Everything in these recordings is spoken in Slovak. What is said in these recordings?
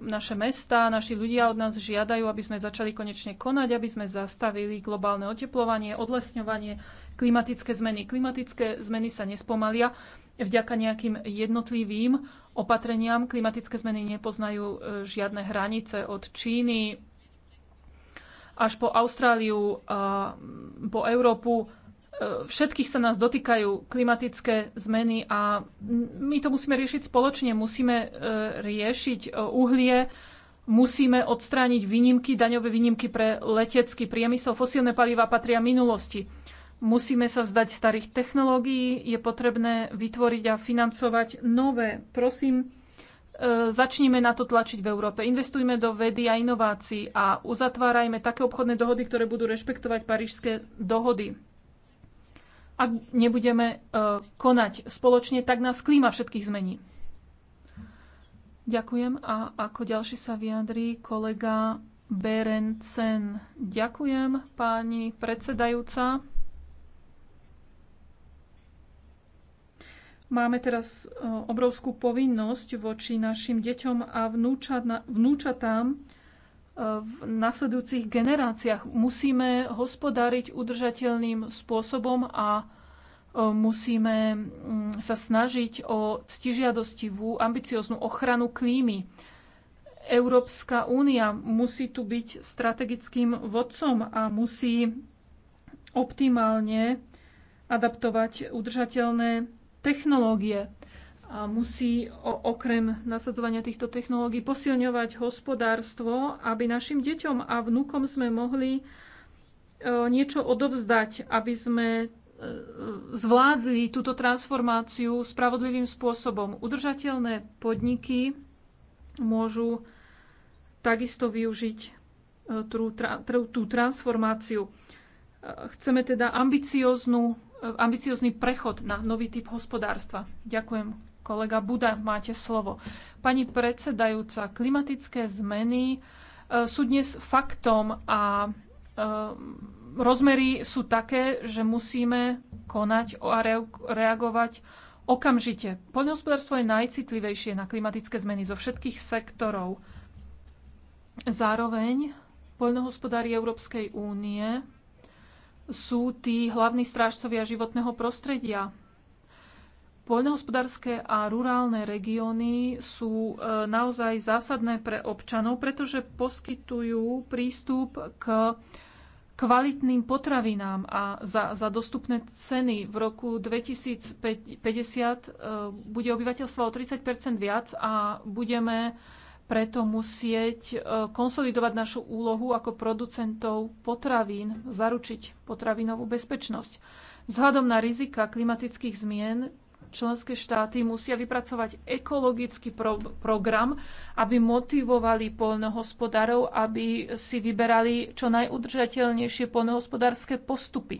Naše mesta, naši ľudia od nás žiadajú, aby sme začali konečne konať, aby sme zastavili globálne oteplovanie, odlesňovanie, klimatické zmeny. Klimatické zmeny sa nespomalia. Vďaka nejakým jednotlivým opatreniam klimatické zmeny nepoznajú e, žiadne hranice od Číny až po Austráliu, po Európu, všetkých sa nás dotýkajú klimatické zmeny a my to musíme riešiť spoločne. Musíme e, riešiť e, uhlie, musíme odstrániť výnimky, daňové výnimky pre letecký priemysel. Fosílne paliva patria minulosti. Musíme sa vzdať starých technológií, je potrebné vytvoriť a financovať nové. Prosím, e, začníme na to tlačiť v Európe. Investujme do vedy a inovácií a uzatvárajme také obchodné dohody, ktoré budú rešpektovať parížské dohody. Ak nebudeme e, konať spoločne, tak nás klíma všetkých zmení. Ďakujem. A ako ďalší sa vyjadrí kolega Berencen. Ďakujem, páni predsedajúca. Máme teraz e, obrovskú povinnosť voči našim deťom a vnúčatám v nasledujúcich generáciách. Musíme hospodáriť udržateľným spôsobom a e, musíme mm, sa snažiť o ctižiadostivú, ambicioznú ochranu klímy. Európska únia musí tu byť strategickým vodcom a musí optimálne adaptovať udržateľné technológie musí okrem nasadzovania týchto technológií posilňovať hospodárstvo, aby našim deťom a vnúkom sme mohli e, niečo odovzdať, aby sme e, zvládli túto transformáciu spravodlivým spôsobom. Udržateľné podniky môžu takisto využiť e, tú, tú transformáciu. Chceme teda ambicióznu, ambiciózny prechod na nový typ hospodárstva. Ďakujem. Kolega Buda, máte slovo. Pani predsedajúca, klimatické zmeny e, sú dnes faktom a e, rozmery sú také, že musíme konať a reagovať okamžite. Poľnohospodárstvo je najcitlivejšie na klimatické zmeny zo všetkých sektorov. Zároveň poľnohospodári Európskej únie sú tí hlavní strážcovia životného prostredia. Poľnohospodárske a rurálne regióny sú e, naozaj zásadné pre občanov, pretože poskytujú prístup k kvalitným potravinám a za, za dostupné ceny. V roku 2050 e, bude obyvateľstvo o 30 viac a budeme preto musieť e, konsolidovať našu úlohu ako producentov potravín, zaručiť potravinovú bezpečnosť. Vzhľadom na rizika klimatických zmien členské štáty musia vypracovať ekologický pro- program, aby motivovali poľnohospodárov, aby si vyberali čo najudržateľnejšie poľnohospodárske postupy.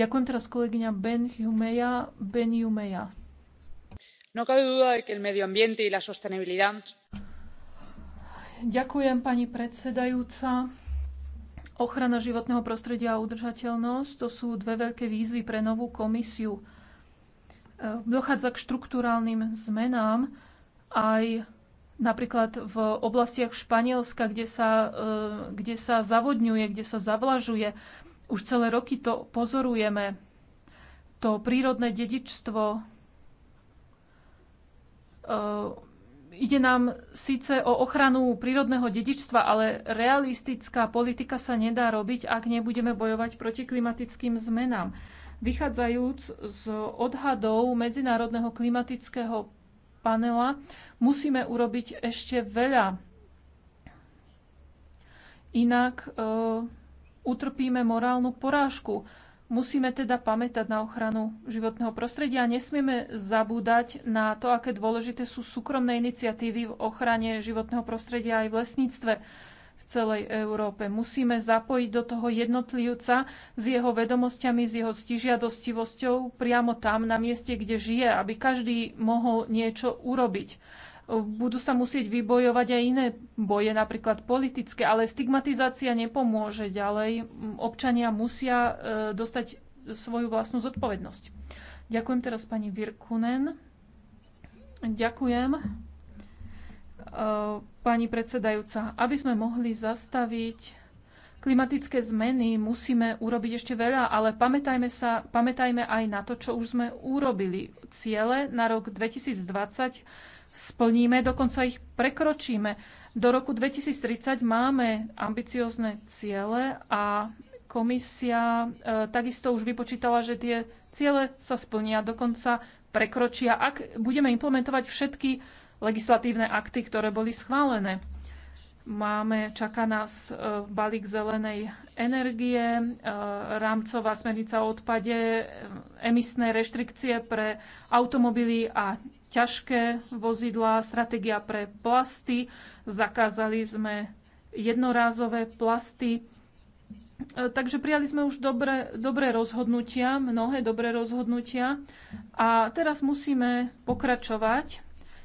Ďakujem teraz kolegyňa Ben Humeja. Ben Humeja. No cabe duda de que el medio ambiente y la sostenibilidad Ďakujem, pani predsedajúca. Ochrana životného prostredia a udržateľnosť to sú dve veľké výzvy pre novú komisiu dochádza k štruktúrálnym zmenám aj napríklad v oblastiach Španielska, kde sa, e, kde sa zavodňuje, kde sa zavlažuje. Už celé roky to pozorujeme. To prírodné dedičstvo e, ide nám síce o ochranu prírodného dedičstva, ale realistická politika sa nedá robiť, ak nebudeme bojovať proti klimatickým zmenám. Vychádzajúc z odhadov Medzinárodného klimatického panela, musíme urobiť ešte veľa. Inak e, utrpíme morálnu porážku. Musíme teda pamätať na ochranu životného prostredia a nesmieme zabúdať na to, aké dôležité sú súkromné iniciatívy v ochrane životného prostredia aj v lesníctve v celej Európe. Musíme zapojiť do toho jednotlivca s jeho vedomosťami, s jeho stižiadostivosťou priamo tam, na mieste, kde žije, aby každý mohol niečo urobiť. Budú sa musieť vybojovať aj iné boje, napríklad politické, ale stigmatizácia nepomôže ďalej. Občania musia e, dostať svoju vlastnú zodpovednosť. Ďakujem teraz pani Virkunen. Ďakujem e, pani predsedajúca. Aby sme mohli zastaviť klimatické zmeny, musíme urobiť ešte veľa, ale pamätajme, sa, pamätajme aj na to, čo už sme urobili. Ciele na rok 2020 splníme, dokonca ich prekročíme. Do roku 2030 máme ambiciozne ciele a komisia e, takisto už vypočítala, že tie ciele sa splnia, dokonca prekročia, ak budeme implementovať všetky legislatívne akty, ktoré boli schválené. Máme, čaká nás e, balík zelenej energie, e, rámcová smernica o odpade, e, emisné reštrikcie pre automobily a ťažké vozidlá, stratégia pre plasty. Zakázali sme jednorázové plasty. Takže prijali sme už dobré, dobré rozhodnutia, mnohé dobré rozhodnutia a teraz musíme pokračovať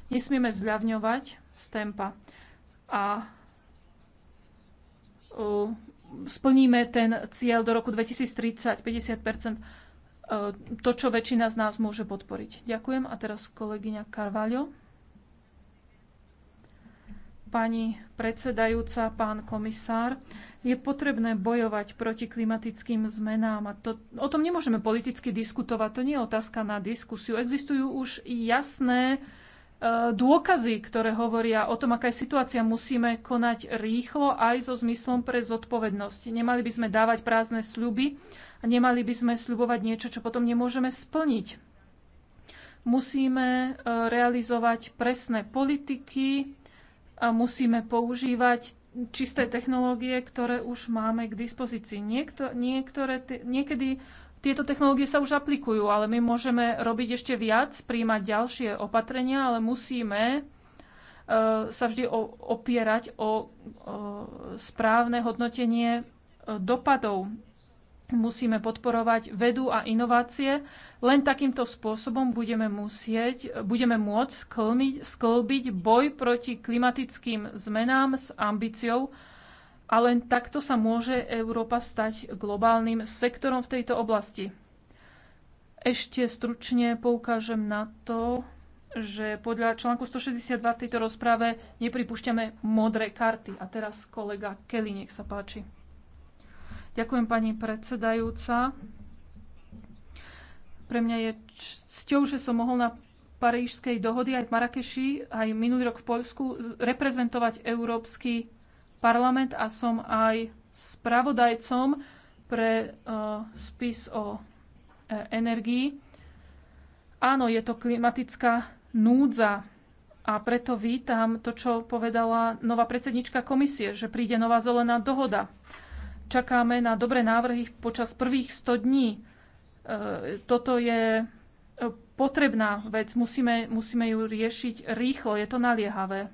Nesmieme zľavňovať z tempa. A uh, splníme ten cieľ do roku 2030 50 to, čo väčšina z nás môže podporiť. Ďakujem. A teraz kolegyňa Carvalho. Pani predsedajúca, pán komisár, je potrebné bojovať proti klimatickým zmenám. A to, o tom nemôžeme politicky diskutovať. To nie je otázka na diskusiu. Existujú už jasné uh, E, dôkazy, ktoré hovoria o tom, aká je situácia, musíme konať rýchlo aj so zmyslom pre zodpovednosť. Nemali by sme dávať prázdne sľuby a nemali by sme sľubovať niečo, čo potom nemôžeme splniť. Musíme e, realizovať presné politiky a musíme používať čisté technológie, ktoré už máme k dispozícii. Niekto, niektoré, niekedy tieto technológie sa už aplikujú, ale my môžeme robiť ešte viac, príjmať ďalšie opatrenia, ale musíme e, sa vždy opierať o správne hodnotenie e, dopadov. Musíme podporovať vedu a inovácie. Len takýmto spôsobom budeme, musieť, budeme môcť sklbiť boj proti klimatickým zmenám s ambíciou a len takto sa môže Európa stať globálnym sektorom v tejto oblasti. Ešte stručne poukážem na to, že podľa článku 162 v tejto rozprave nepripúšťame modré karty. A teraz kolega Kelly, nech sa páči. Ďakujem pani predsedajúca. Pre mňa je cťou, že som mohol na Parížskej dohody aj v Marakeši, aj minulý rok v Poľsku reprezentovať Európsky parlament a som aj spravodajcom pre uh, spis o uh, energii. Áno, je to klimatická núdza a preto vítam to, čo povedala nová predsednička komisie, že príde nová zelená dohoda. Čakáme na dobré návrhy počas prvých 100 dní. E, toto je e, potrebná vec, musíme, musíme ju riešiť rýchlo, je to naliehavé.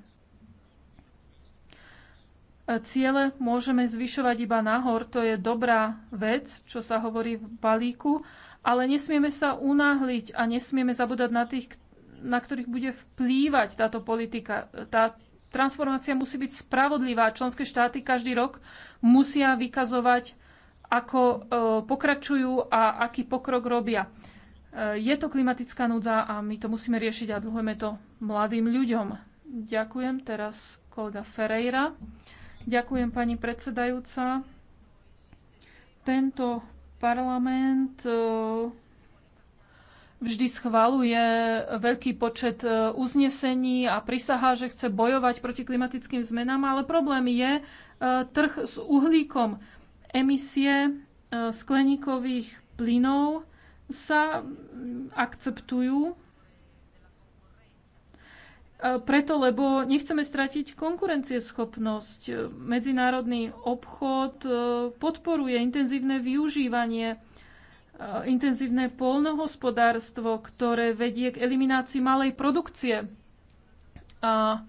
Ciele môžeme zvyšovať iba nahor, to je dobrá vec, čo sa hovorí v balíku, ale nesmieme sa unáhliť a nesmieme zabúdať na tých, na ktorých bude vplývať táto politika. Tá transformácia musí byť spravodlivá. Členské štáty každý rok musia vykazovať, ako e, pokračujú a aký pokrok robia. E, je to klimatická núdza a my to musíme riešiť a dlhujeme to mladým ľuďom. Ďakujem. Teraz kolega Ferreira. Ďakujem, pani predsedajúca. Tento parlament e, vždy schvaluje veľký počet e, uznesení a prisahá, že chce bojovať proti klimatickým zmenám, ale problém je e, trh s uhlíkom. Emisie skleníkových plynov sa akceptujú E, preto, lebo nechceme stratiť konkurencieschopnosť. E, medzinárodný obchod e, podporuje intenzívne využívanie, intenzívne polnohospodárstvo, ktoré vedie k eliminácii malej produkcie. A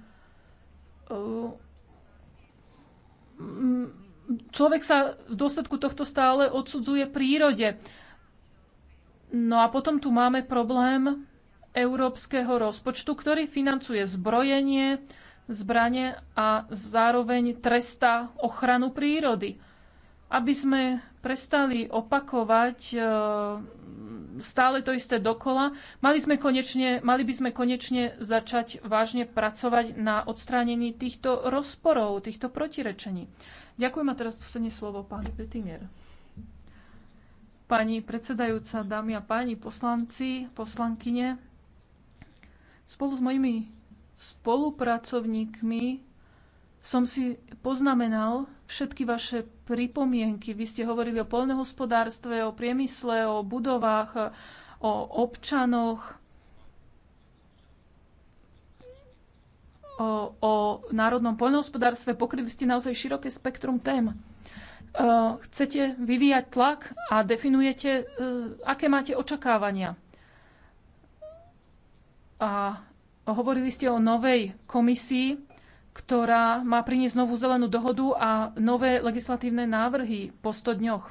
človek sa v dôsledku tohto stále odsudzuje prírode. No a potom tu máme problém európskeho rozpočtu, ktorý financuje zbrojenie, zbranie a zároveň trestá ochranu prírody. Aby sme prestali opakovať e, stále to isté dokola, mali, sme konečne, mali by sme konečne začať vážne pracovať na odstránení týchto rozporov, týchto protirečení. Ďakujem a teraz dostane slovo pán Petiner. Pani predsedajúca, dámy a páni poslanci, poslankyne, Spolu s mojimi spolupracovníkmi som si poznamenal všetky vaše pripomienky. Vy ste hovorili o poľnohospodárstve, o priemysle, o budovách, o občanoch, o, o národnom poľnohospodárstve. Pokryli ste naozaj široké spektrum tém. Eh, chcete vyvíjať tlak a definujete, eh, aké máte očakávania. A hovorili ste o novej komisii, ktorá má priniesť novú zelenú dohodu a nové legislatívne návrhy po 100 dňoch.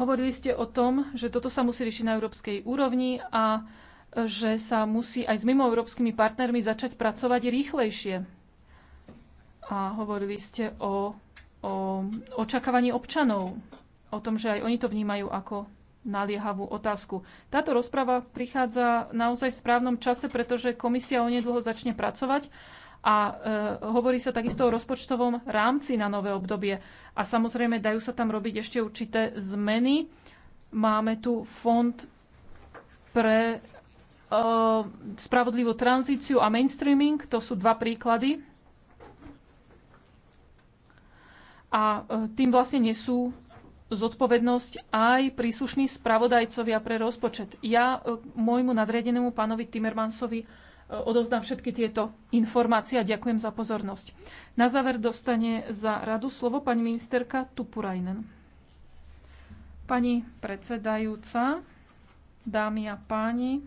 Hovorili ste o tom, že toto sa musí riešiť na európskej úrovni a že sa musí aj s mimoeurópskymi partnermi začať pracovať rýchlejšie. A hovorili ste o, o očakávaní občanov, o tom, že aj oni to vnímajú ako naliehavú otázku. Táto rozprava prichádza naozaj v správnom čase, pretože komisia onedlho začne pracovať a e, hovorí sa takisto o rozpočtovom rámci na nové obdobie. A samozrejme, dajú sa tam robiť ešte určité zmeny. Máme tu fond pre e, spravodlivú tranzíciu a mainstreaming. To sú dva príklady. A e, tým vlastne nesú zodpovednosť aj príslušní spravodajcovia pre rozpočet. Ja e, môjmu nadriadenému pánovi Timmermansovi e, odozdám všetky tieto informácie a ďakujem za pozornosť. Na záver dostane za radu slovo pani ministerka Tupurajnen. Pani predsedajúca, dámy a páni,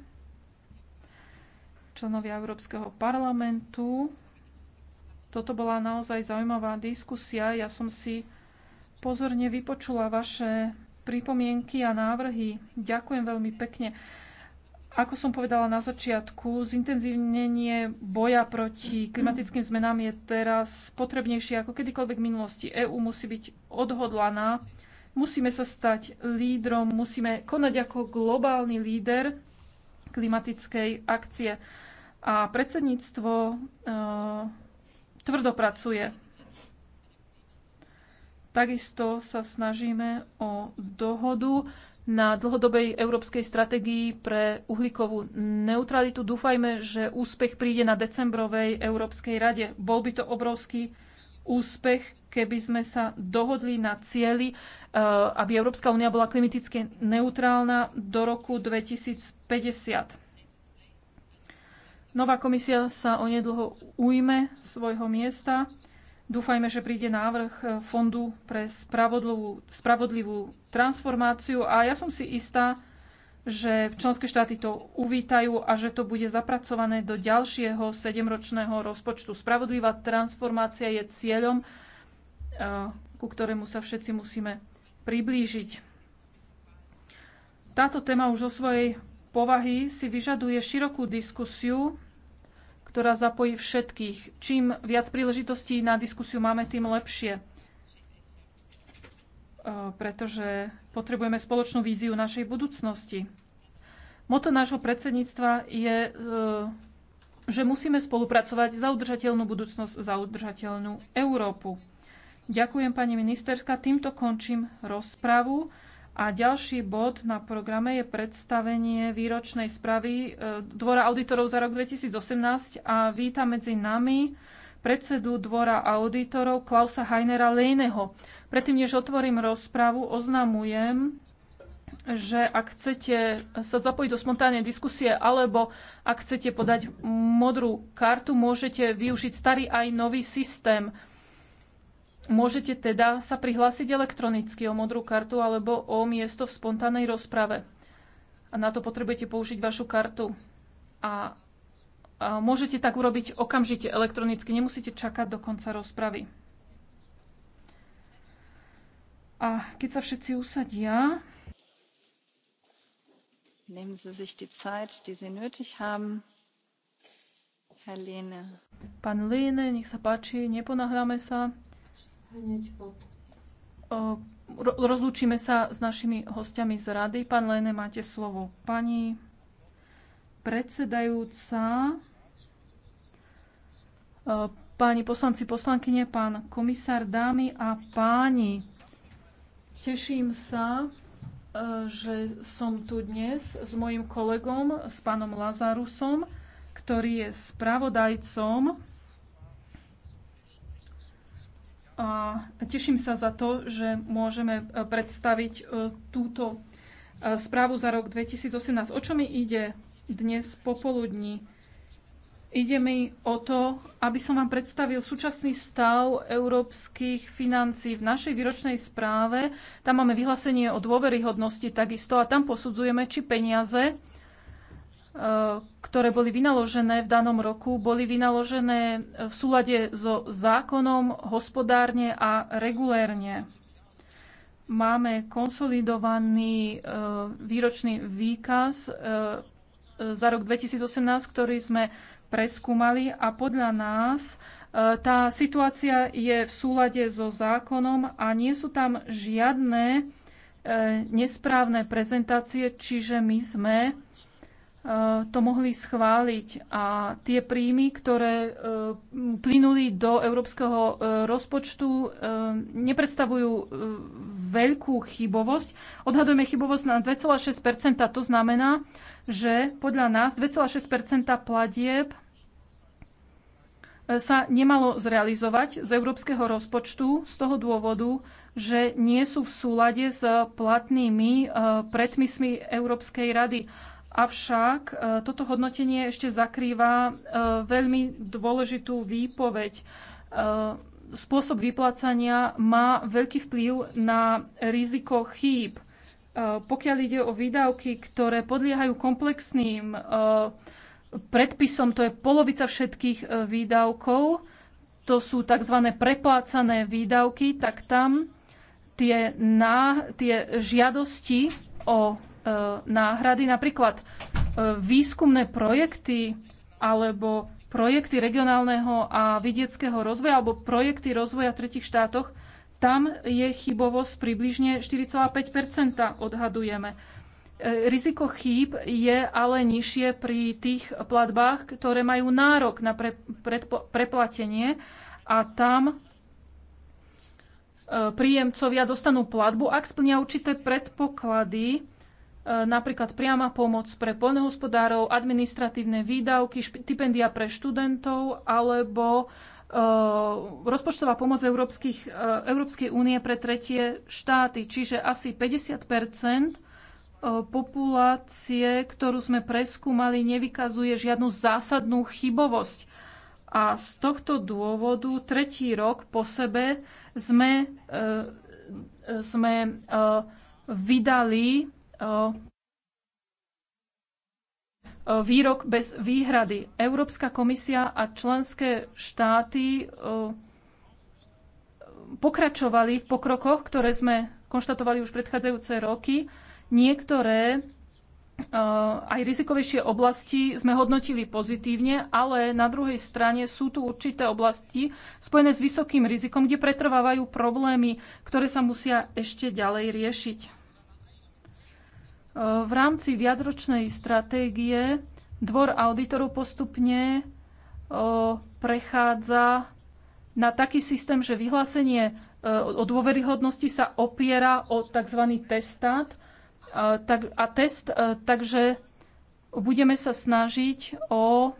členovia Európskeho parlamentu, toto bola naozaj zaujímavá diskusia. Ja som si pozorne vypočula vaše pripomienky a návrhy. Ďakujem veľmi pekne. Ako som povedala na začiatku, zintenzívnenie boja proti klimatickým zmenám je teraz potrebnejšie ako kedykoľvek v minulosti. EÚ musí byť odhodlaná, musíme sa stať lídrom, musíme konať ako globálny líder klimatickej akcie. A predsedníctvo e, tvrdo pracuje Takisto sa snažíme o dohodu na dlhodobej európskej stratégii pre uhlíkovú neutralitu. Dúfajme, že úspech príde na decembrovej Európskej rade. Bol by to obrovský úspech, keby sme sa dohodli na cieli, eh, aby Európska únia bola klimaticky neutrálna do roku 2050. Nová komisia sa onedlho ujme svojho miesta Dúfajme, že príde návrh e, Fondu pre spravodlivú, spravodlivú transformáciu a ja som si istá, že členské štáty to uvítajú a že to bude zapracované do ďalšieho sedemročného rozpočtu. Spravodlivá transformácia je cieľom, e, ku ktorému sa všetci musíme priblížiť. Táto téma už zo svojej povahy si vyžaduje širokú diskusiu ktorá zapojí všetkých. Čím viac príležitostí na diskusiu máme, tým lepšie. E, pretože potrebujeme spoločnú víziu našej budúcnosti. Moto nášho predsedníctva je, e, že musíme spolupracovať za udržateľnú budúcnosť, za udržateľnú Európu. Ďakujem, pani ministerka. Týmto končím rozpravu. A ďalší bod na programe je predstavenie výročnej správy e, Dvora auditorov za rok 2018 a víta medzi nami predsedu Dvora auditorov Klausa Heinera Lejneho. Predtým, než otvorím rozprávu, oznamujem, že ak chcete sa zapojiť do spontánnej diskusie alebo ak chcete podať modrú kartu, môžete využiť starý aj nový systém. Môžete teda sa prihlásiť elektronicky o modrú kartu alebo o miesto v spontánnej rozprave. A na to potrebujete použiť vašu kartu. A, a môžete tak urobiť okamžite elektronicky, nemusíte čakať do konca rozpravy. A keď sa všetci usadia, Nehmen Sie sich die Zeit, die Sie nötig haben. Herr Lehne. Pan Lehne, nech sa páči, neponahráme sa. Rozlúčime sa s našimi hostiami z rady. Pán Lene, máte slovo. Pani predsedajúca, páni poslanci, poslankyne, pán komisár, dámy a páni. Teším sa, e, že som tu dnes s mojim kolegom, s pánom Lazarusom, ktorý je spravodajcom a teším sa za to, že môžeme e, predstaviť e, túto e, správu za rok 2018. O čo mi ide dnes popoludní? Ide mi o to, aby som vám predstavil súčasný stav európskych financí. V našej výročnej správe tam máme vyhlásenie o dôveryhodnosti takisto a tam posudzujeme, či peniaze, E, ktoré boli vynaložené v danom roku, boli vynaložené e, v súlade so zákonom hospodárne a regulérne. Máme konsolidovaný e, výročný výkaz za rok 2018, ktorý sme preskúmali a podľa nás tá situácia je v súlade so zákonom a nie sú tam žiadne nesprávne prezentácie, čiže my sme Eh, to mohli schváliť a tie príjmy, ktoré eh, plynuli do európskeho eh, rozpočtu, nepredstavujú veľkú chybovosť. Odhadujeme chybovosť na 2,6 To znamená, že podľa nás 2,6 platieb sa nemalo zrealizovať z európskeho rozpočtu z toho dôvodu, že nie sú v súlade s platnými predmysmi Európskej rady. Avšak e, toto hodnotenie ešte zakrýva e, veľmi dôležitú výpoveď. E, spôsob vyplácania má veľký vplyv na riziko chýb. Pokiaľ ide o výdavky, ktoré podliehajú komplexným predpisom, to je polovica všetkých výdavkov, to sú tzv. preplácané výdavky, tak tam tie, na, tie žiadosti o E, náhrady, napríklad e, výskumné projekty alebo projekty regionálneho a vidieckého rozvoja alebo projekty rozvoja v tretich štátoch, tam je chybovosť približne 4,5 odhadujeme. E, riziko chýb je ale nižšie pri tých platbách, ktoré majú nárok na pre, pre, preplatenie a tam príjemcovia dostanú platbu, ak splnia určité predpoklady, E, napríklad priama pomoc pre poľnohospodárov, administratívne výdavky, štipendia pre študentov alebo e, rozpočtová pomoc Európskych, e, Európskej únie pre tretie štáty, čiže asi 50 populácie, ktorú sme preskúmali, nevykazuje žiadnu zásadnú chybovosť. A z tohto dôvodu tretí rok po sebe sme, sme vydali výrok bez výhrady. Európska komisia a členské štáty pokračovali v pokrokoch, ktoré sme konštatovali už predchádzajúce roky. Niektoré aj rizikovejšie oblasti sme hodnotili pozitívne, ale na druhej strane sú tu určité oblasti spojené s vysokým rizikom, kde pretrvávajú problémy, ktoré sa musia ešte ďalej riešiť. V rámci viacročnej stratégie dvor auditorov postupne prechádza na taký systém, že vyhlásenie e, o dôveryhodnosti sa opiera o tzv. testát e, a test, e, takže budeme sa snažiť o,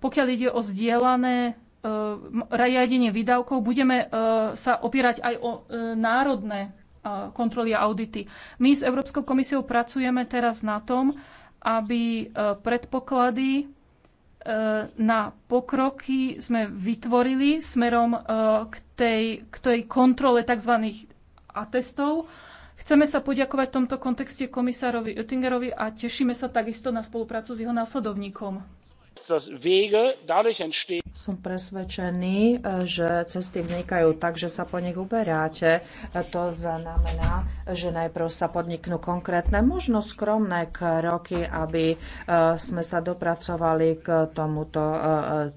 pokiaľ ide o zdieľané riadenie výdavkov, budeme sa opierať aj o národné kontroly a audity. My s Európskou komisiou pracujeme teraz na tom, aby e, predpoklady e, na pokroky sme vytvorili smerom e, k tej, k tej kontrole tzv. atestov. Chceme sa poďakovať v tomto kontexte komisárovi Oettingerovi a tešíme sa takisto na spoluprácu s jeho následovníkom. Som presvedčený, e, že cesty vznikajú tak, že sa po nich uberáte. E, to znamená, že najprv sa podniknú konkrétne, možno skromné kroky, aby e, sme sa dopracovali k tomuto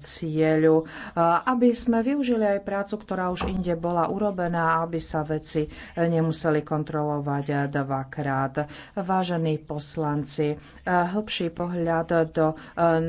cieľu, aby sme využili aj prácu, ktorá už inde bola urobená, aby sa veci nemuseli kontrolovať dvakrát. Vážení poslanci, hĺbší pohľad do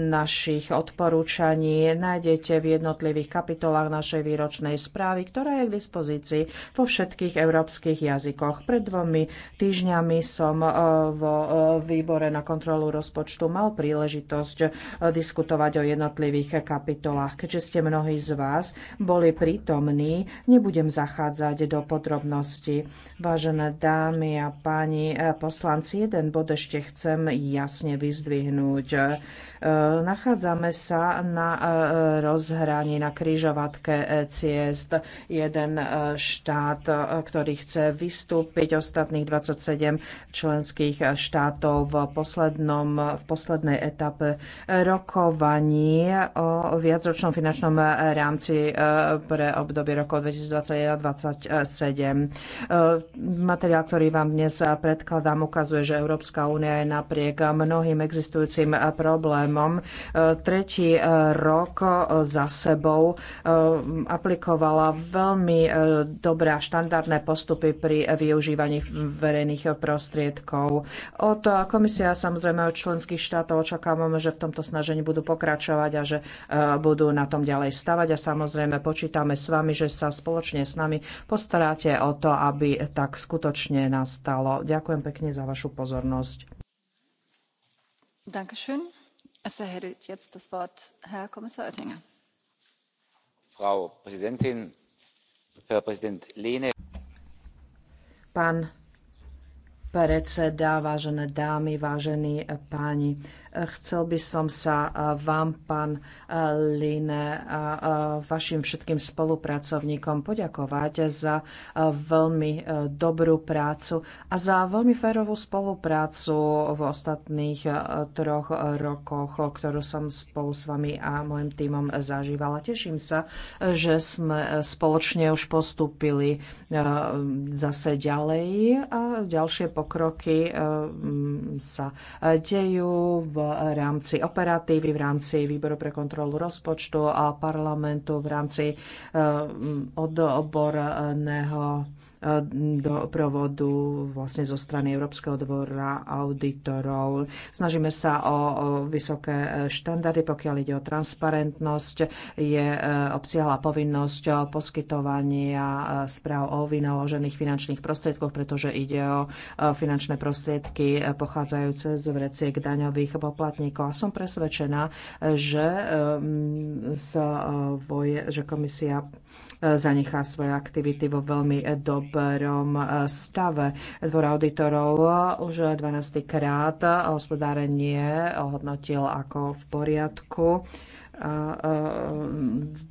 našich našich odporúčaní nájdete v jednotlivých kapitolách našej výročnej správy, ktorá je k dispozícii vo všetkých európskych jazykoch. Pred dvomi týždňami som e, vo e, výbore na kontrolu rozpočtu mal príležitosť e, diskutovať o jednotlivých kapitolách. Keďže ste mnohí z vás boli prítomní, nebudem zachádzať do podrobností. Vážené dámy a páni poslanci, jeden bod ešte chcem jasne vyzdvihnúť. Nachádzame Nachádzame sa na e, rozhraní, na kryžovatke ciest. Jeden e, štát, e, ktorý chce vystúpiť, ostatných 27 členských štátov v, poslednom, v poslednej etape rokovaní o viacročnom finančnom rámci pre obdobie rokov 2021-2027. Materiál, ktorý vám dnes predkladám, ukazuje, že Európska únia je napriek mnohým existujúcim problémom tretí e, rok e, za sebou e, aplikovala veľmi dobré a štandardné postupy pri využívaní verejných prostriedkov. Od komisia samozrejme od členských štátov očakávame, že v tomto snažení budú pokračovať a že budú na tom ďalej stavať a samozrejme počítame s vami, že sa spoločne s nami postaráte o to, aby tak skutočne nastalo. Ďakujem pekne za vašu pozornosť. Dankeschön frau präsidentin herr präsident lehne! pán predseda, vážené dámy, vážení eh, páni. Eh, chcel by som sa eh, vám, pán Line, a vašim všetkým spolupracovníkom poďakovať za veľmi dobrú prácu a za veľmi férovú spoluprácu v ostatných troch rokoch, ktorú som spolu s vami a môjim týmom zažívala. Teším sa, že sme spoločne už postúpili zase ďalej a ďalšie pokroky eh, mm, sa eh, dejú v rámci operatívy, v rámci výboru pre kontrolu rozpočtu a parlamentu, v rámci eh, mm, odborného do provodu vlastne zo strany Európskeho dvora auditorov. Snažíme sa o vysoké štandardy, pokiaľ ide o transparentnosť. Je e, obsiahla povinnosť poskytovania e, správ o vynaložených finančných prostriedkoch, pretože ide o e, finančné prostriedky pochádzajúce z vreciek daňových poplatníkov. A som presvedčená, že, voje, že komisia zanechá svoje aktivity vo veľmi dob dobrom e, stave. Dvor auditorov už 12. krát hospodárenie ohodnotil ako v poriadku. 2,6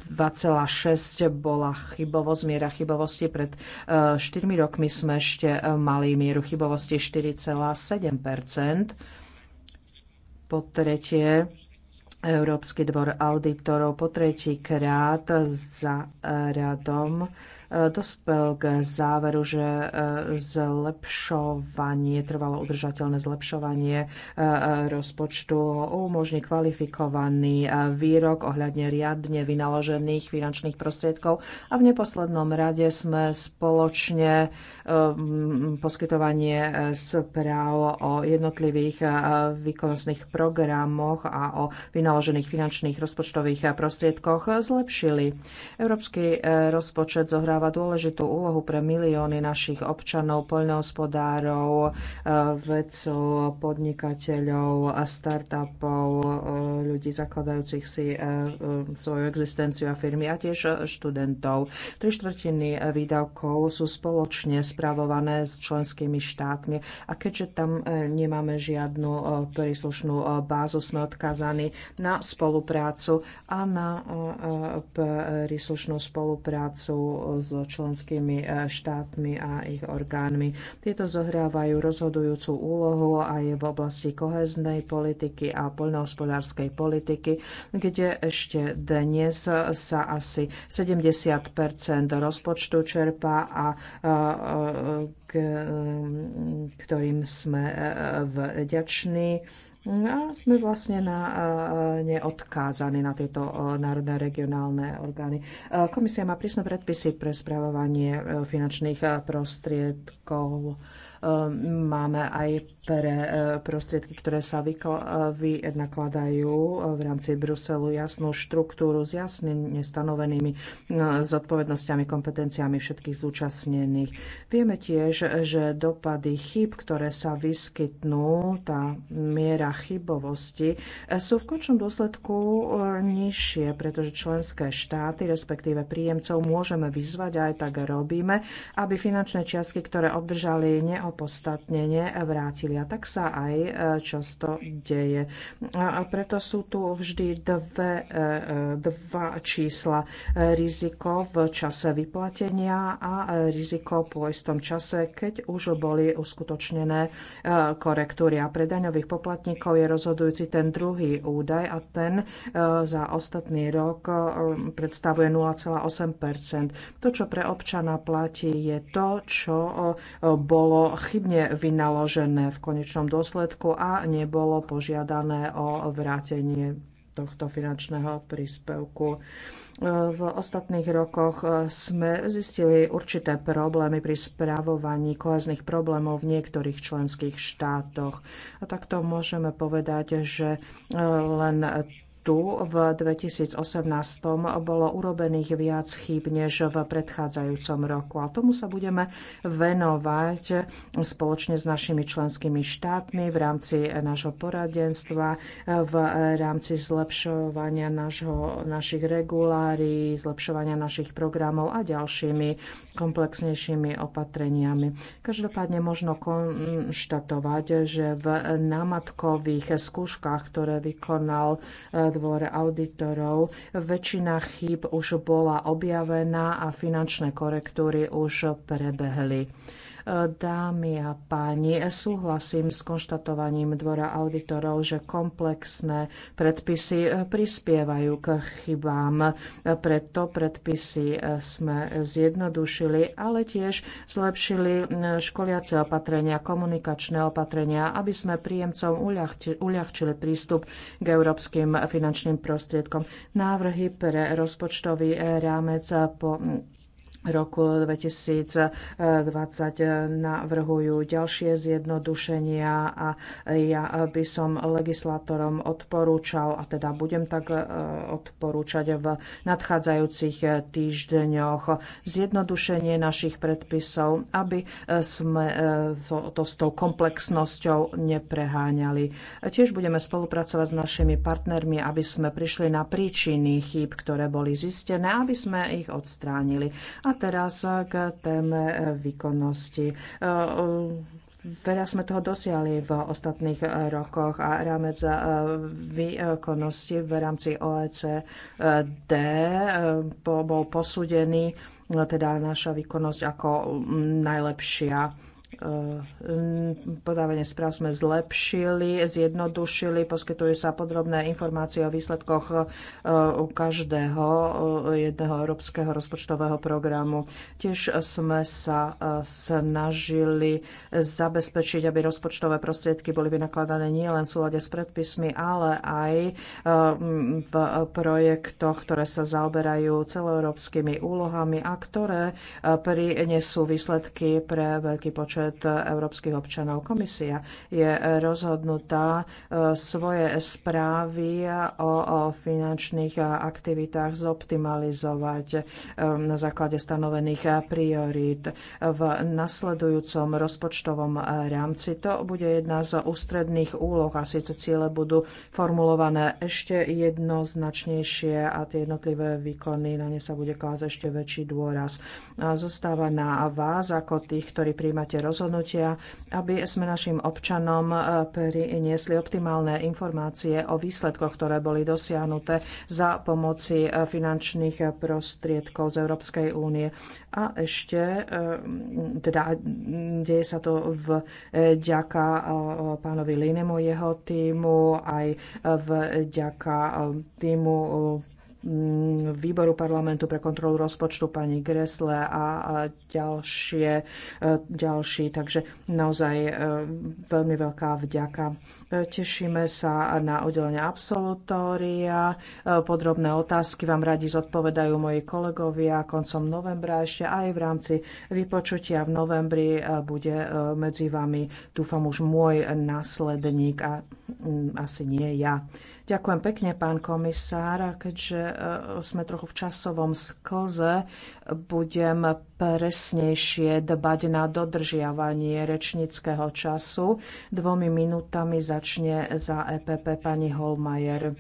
e, bola chybovosť, miera chybovosti. Pred 4 e, rokmi sme ešte mali mieru chybovosti 4,7 Po tretie, Európsky dvor auditorov po tretí krát za radom dospel k záveru, že e, zlepšovanie, trvalo udržateľné zlepšovanie e, e, rozpočtu umožní kvalifikovaný výrok ohľadne riadne vynaložených finančných prostriedkov a v neposlednom rade sme spoločne poskytovanie správ o jednotlivých výkonnostných programoch a o vynaložených finančných rozpočtových prostriedkoch zlepšili. Európsky rozpočet zohráva zohráva dôležitú úlohu pre milióny našich občanov, poľnohospodárov, e, vedcov, podnikateľov, startupov, e, ľudí zakladajúcich si e, svoju existenciu a firmy a tiež študentov. Tri štvrtiny výdavkov sú spoločne spravované s členskými štátmi a keďže tam nemáme žiadnu príslušnú bázu, sme odkázaní na spoluprácu a na príslušnú spoluprácu s so členskými e, štátmi a ich orgánmi. Tieto zohrávajú rozhodujúcu úlohu aj v oblasti koheznej politiky a poľnohospodárskej politiky, kde ešte dnes sa asi 70 rozpočtu čerpa a e, e, ktorým sme vďační a no, sme vlastne na, eh, neodkázaní na tieto eh, národné regionálne orgány. Eh, komisia má prísne predpisy pre spravovanie finančných prostriedkov. Máme aj pre e, prostriedky, ktoré sa e, vynakladajú e, v rámci Bruselu, jasnú štruktúru s jasne stanovenými zodpovednosťami, kompetenciami všetkých zúčastnených. Vieme tiež, že dopady chyb, ktoré sa vyskytnú, tá miera chybovosti, sú v končnom dôsledku nižšie, pretože členské štáty, respektíve príjemcov, môžeme vyzvať, aj tak robíme, aby finančné čiastky, ktoré obdržali neopostatnenie, vrátili únia, tak sa aj e, často deje. A preto sú tu vždy dve, e, e, dva čísla. Riziko v čase vyplatenia a riziko po istom čase, keď už boli uskutočnené korektúry. A pre daňových poplatníkov je rozhodujúci ten druhý údaj a ten za ostatný rok predstavuje 0,8 To, čo pre občana platí, je to, čo bolo chybne vynaložené v konečnom dôsledku a nebolo požiadané o vrátenie tohto finančného príspevku. V ostatných rokoch sme zistili určité problémy pri spravovaní kohezných problémov v niektorých členských štátoch. A takto môžeme povedať, že len tu v 2018 bolo urobených viac chýb než v predchádzajúcom roku. A tomu sa budeme venovať spoločne s našimi členskými štátmi v rámci nášho poradenstva, v rámci zlepšovania našho, našich regulárií, zlepšovania našich programov a ďalšími komplexnejšími opatreniami. Každopádne možno konštatovať, že v námatkových skúškach, ktoré vykonal dvore auditorov. Väčšina chýb už bola objavená a finančné korektúry už prebehli. Dámy a páni, súhlasím s konštatovaním Dvora auditorov, že komplexné predpisy prispievajú k chybám. Preto predpisy sme zjednodušili, ale tiež zlepšili školiace opatrenia, komunikačné opatrenia, aby sme príjemcom uľahčili prístup k európskym finančným prostriedkom. Návrhy pre rozpočtový rámec po roku 2020 navrhujú ďalšie zjednodušenia a ja by som legislátorom odporúčal, a teda budem tak e, odporúčať v nadchádzajúcich týždňoch zjednodušenie našich predpisov, aby e, sme e, to s tou komplexnosťou nepreháňali. Tiež budeme spolupracovať s našimi partnermi, aby sme prišli na príčiny chýb, ktoré boli zistené, aby sme ich odstránili. A a teraz k téme výkonnosti. Veľa sme toho dosiahli v ostatných rokoch a rámec výkonnosti v rámci OECD eh, bol posúdený eh, teda naša výkonnosť ako najlepšia Eh, podávanie správ sme zlepšili, zjednodušili, poskytujú sa podrobné informácie o výsledkoch eh, u každého eh, jedného európskeho rozpočtového programu. Tiež sme sa snažili zabezpečiť, aby rozpočtové prostriedky boli vynakladané nielen v súlade s predpismi, ale aj v projektoch, ktoré sa zaoberajú celoeurópskymi úlohami a ktoré prinesú výsledky pre veľký počet počet európskych občanov. Komisia je rozhodnutá e, svoje správy o finančných aktivitách zoptimalizovať e, na základe stanovených priorít. V nasledujúcom rozpočtovom rámci to bude jedna z ústredných úloh a síce ciele budú formulované ešte jednoznačnejšie a tie jednotlivé výkony, na ne sa bude klásť ešte väčší dôraz. Zostáva na vás ako tých, ktorí príjmate rozhodnutia, rozhodnutia, aby sme našim občanom eh, priniesli optimálne informácie o výsledkoch, ktoré boli dosiahnuté za pomoci eh, finančných prostriedkov z Európskej únie. A ešte, eh, teda deje sa to vďaka pánovi Línemu, jeho týmu, aj vďaka týmu Mm, výboru parlamentu pre kontrolu rozpočtu pani Gresle a ďalšie, e, ďalší. Takže naozaj e, veľmi veľká vďaka. E, tešíme sa na oddelenie absolutória. Podrobné otázky vám radi zodpovedajú moji kolegovia koncom novembra ešte aj v rámci vypočutia v novembri bude medzi vami, dúfam, už môj následník a asi nie ja. Ďakujem pekne, pán komisár. Keďže e, sme trochu v časovom sklze, budem presnejšie dbať na dodržiavanie rečníckého času. Dvomi minútami začne za EPP pani Holmajer.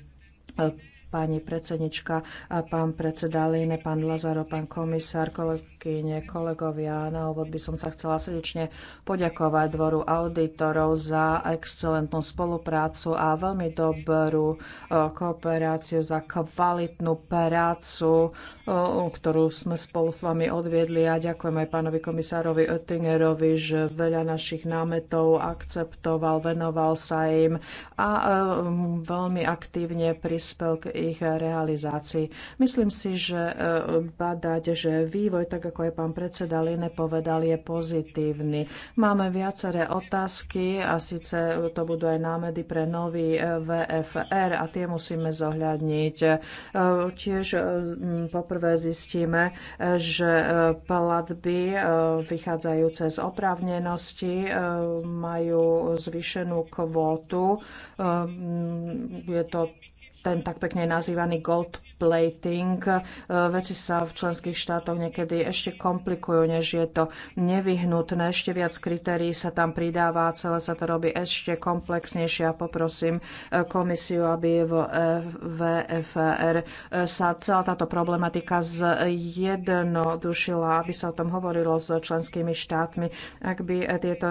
E, pani predsednička, pán predseda Líne, pán Lazaro, pán komisár, kolegyne, kolegovia. Na úvod by som sa chcela srdečne poďakovať dvoru auditorov za excelentnú spoluprácu a veľmi dobrú kooperáciu, za kvalitnú prácu, ktorú sme spolu s vami odviedli. A ďakujem aj pánovi komisárovi Oettingerovi, že veľa našich námetov akceptoval, venoval sa im a veľmi aktívne prispel k ich realizácii. Myslím si, že e, badať, že vývoj, tak ako aj pán predseda Line povedal, je pozitívny. Máme viaceré otázky a síce to budú aj námedy pre nový e, VFR a tie musíme zohľadniť. E, tiež poprvé zistíme, že platby vychádzajúce z oprávnenosti majú zvýšenú kvótu. Je to ten tak pekne nazývaný gold plating e, veci sa v členských štátoch niekedy ešte komplikujú, než je to nevyhnutné. Ešte viac kritérií sa tam pridáva, celé sa to robí ešte komplexnejšie a poprosím e, komisiu, aby v e, VFR sa celá táto problematika zjednodušila, aby sa o tom hovorilo s členskými štátmi. Ak by tieto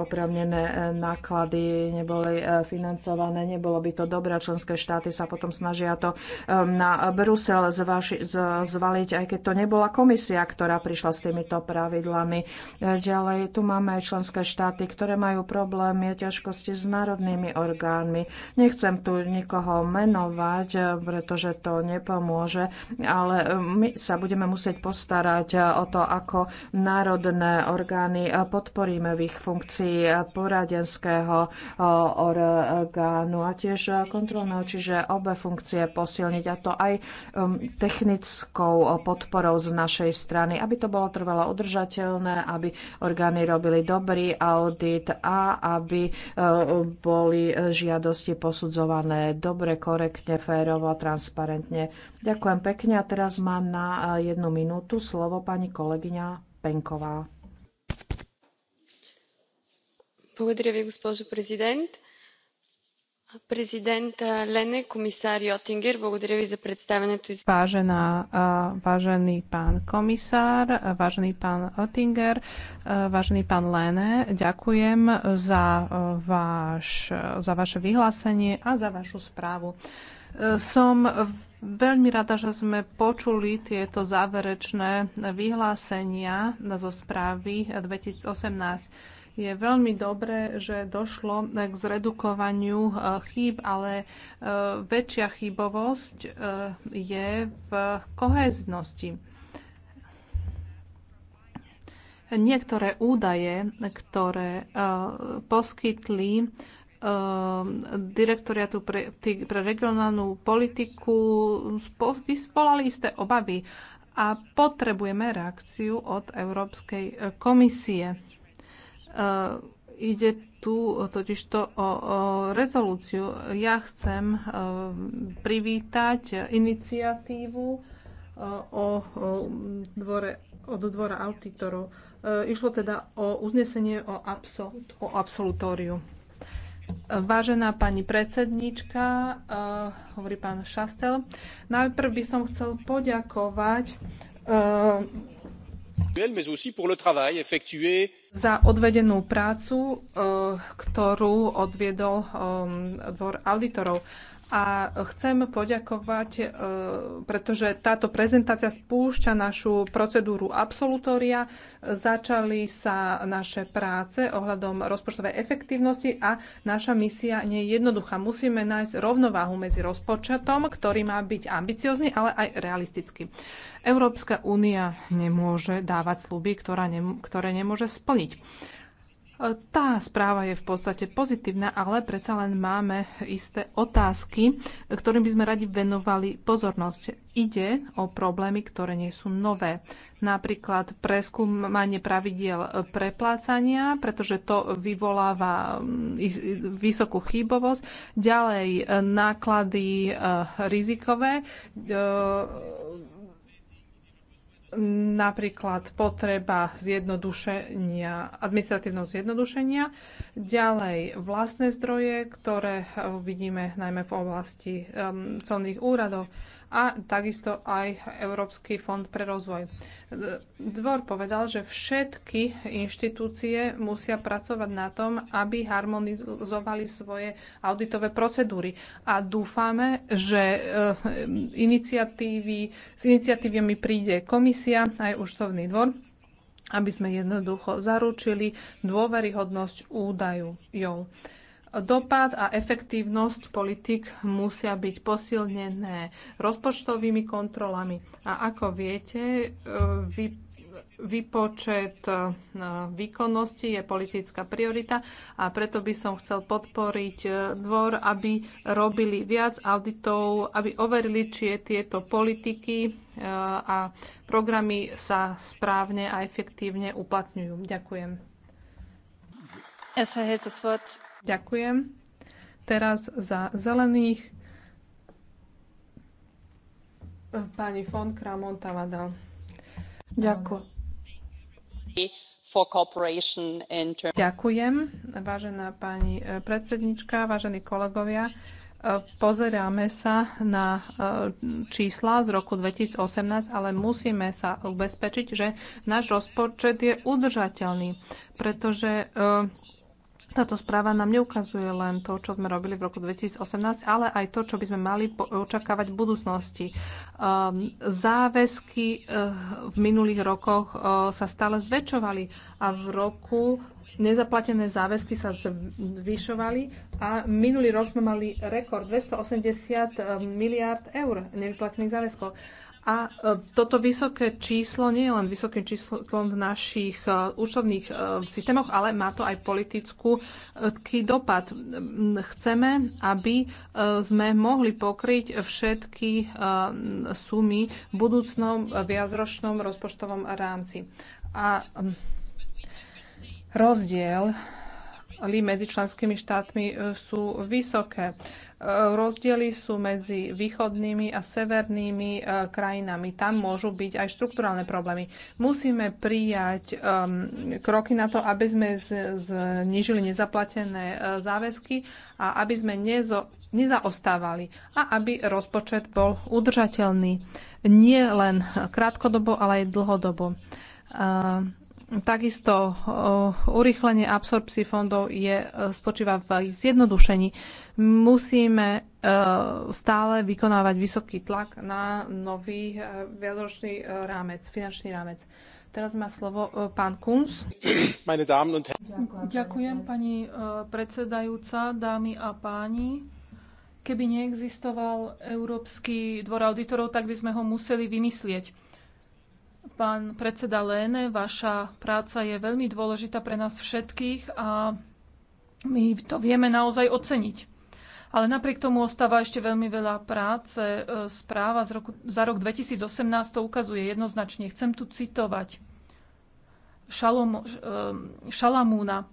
opravnené náklady neboli financované, nebolo by to dobré. Členské štáty sa potom snažia to to um, na Brusel zvaši, z, zvaliť, aj keď to nebola komisia, ktorá prišla s týmito pravidlami. Ďalej tu máme aj členské štáty, ktoré majú problémy a ťažkosti s národnými orgánmi. Nechcem tu nikoho menovať, pretože to nepomôže, ale um, my sa budeme musieť postarať o to, ako národné orgány podporíme v ich funkcii poradenského orgánu a tiež kontrolného, čiže obe funkcie posilniť a to aj um, technickou uh, podporou z našej strany, aby to bolo trvalo udržateľné, aby orgány robili dobrý audit a aby uh, boli uh, žiadosti posudzované dobre, korektne, férovo, transparentne. Ďakujem pekne a teraz mám na jednu minútu slovo pani kolegyňa Penková. Благодаря ви, госпожо президент. Vážená, vážený pán komisár, vážený pán Oettinger, vážený pán Lene, ďakujem za, váš, za vaše vyhlásenie a za vašu správu. Som veľmi rada, že sme počuli tieto záverečné vyhlásenia zo správy 2018 je veľmi dobré, že došlo k zredukovaniu eh, chýb, ale eh, väčšia chybovosť eh, je v koheznosti. Niektoré údaje, ktoré poskytli direktoriatu pre, pre regionálnu politiku vyspolali isté obavy a potrebujeme reakciu od Európskej komisie. Eh, ide tu totiž to o, o rezolúciu. Ja chcem eh, privítať iniciatívu eh, o, dvore, od dvora auditorov. Išlo teda o uznesenie o, absolut, o absolutóriu. Vážená pani predsednička, hovorí pán Šastel, najprv by som chcel poďakovať za odvedenú prácu, eh, ktorú odviedol eh, dvor auditorov a chcem poďakovať, e, pretože táto prezentácia spúšťa našu procedúru absolutória. Začali sa naše práce ohľadom rozpočtovej efektívnosti a naša misia nie je jednoduchá. Musíme nájsť rovnováhu medzi rozpočtom, ktorý má byť ambiciozný, ale aj realistický. Európska únia nemôže dávať sluby, ktoré nemôže splniť. Tá správa je v podstate pozitívna, ale predsa len máme isté otázky, ktorým by sme radi venovali pozornosť. Ide o problémy, ktoré nie sú nové. Napríklad preskúmanie pravidiel preplácania, pretože to vyvoláva mm, vysokú chýbovosť. Ďalej náklady eh, rizikové eh, napríklad potreba zjednodušenia, administratívneho zjednodušenia, ďalej vlastné zdroje, ktoré vidíme najmä v oblasti um, colných úradov a takisto aj Európsky fond pre rozvoj. Dvor povedal, že všetky inštitúcie musia pracovať na tom, aby harmonizovali svoje auditové procedúry. A dúfame, že eh, iniciatívy, s iniciatívami príde komisia, aj účtovný dvor, aby sme jednoducho zaručili dôveryhodnosť údajov. Dopad a efektívnosť politik musia byť posilnené rozpočtovými kontrolami. A ako viete, e, vy, vypočet e, výkonnosti je politická priorita a preto by som chcel podporiť e, dvor, aby robili viac auditov, aby overili, či je tieto politiky a programy sa správne a efektívne uplatňujú. Ďakujem. Ďakujem. Teraz za zelených eh, pani von Kramon Tavada. Ďakujem. Ďakujem, vážená pani eh, predsednička, vážení kolegovia. Eh, pozeráme sa na čísla z roku 2018, ale musíme sa ubezpečiť, že náš rozpočet je udržateľný, pretože táto správa nám neukazuje len to, čo sme robili v roku 2018, ale aj to, čo by sme mali očakávať v budúcnosti. Ehm, záväzky eh, v minulých rokoch eh, sa stále zväčšovali a v roku nezaplatené záväzky sa zvyšovali a minulý rok sme mali rekord 280 eh, miliard eur nevyplatených záväzkov. A e, toto vysoké číslo nie je len vysokým číslom v našich e, účtovných e, systémoch, ale má to aj politickú dopad. Chceme, aby sme mohli pokryť všetky sumy v budúcnom viacročnom rozpočtovom rámci. A rozdiel medzi členskými štátmi sú vysoké. Rozdiely sú medzi východnými a severnými eh, krajinami. Tam môžu byť aj štruktúralne problémy. Musíme prijať ehm, kroky na to, aby sme znižili nezaplatené eh, záväzky a aby sme nezo nezaostávali a aby rozpočet bol udržateľný nie len krátkodobo, ale aj dlhodobo. Ehm, Takisto urýchlenie absorpcií fondov je, e, spočíva v zjednodušení. Musíme e, stále vykonávať vysoký tlak na nový e, viacročný rámec, finančný rámec. Teraz má slovo pán Kunz. Ďakujem, pani predsedajúca, dámy a páni. Keby neexistoval Európsky dvor auditorov, tak by sme ho museli vymyslieť Pán predseda Léne, vaša práca je veľmi dôležitá pre nás všetkých a my to vieme naozaj oceniť. Ale napriek tomu ostáva ešte veľmi veľa práce. E, správa z roku, za rok 2018 to ukazuje jednoznačne. Chcem tu citovať Šalom, e, Šalamúna, e,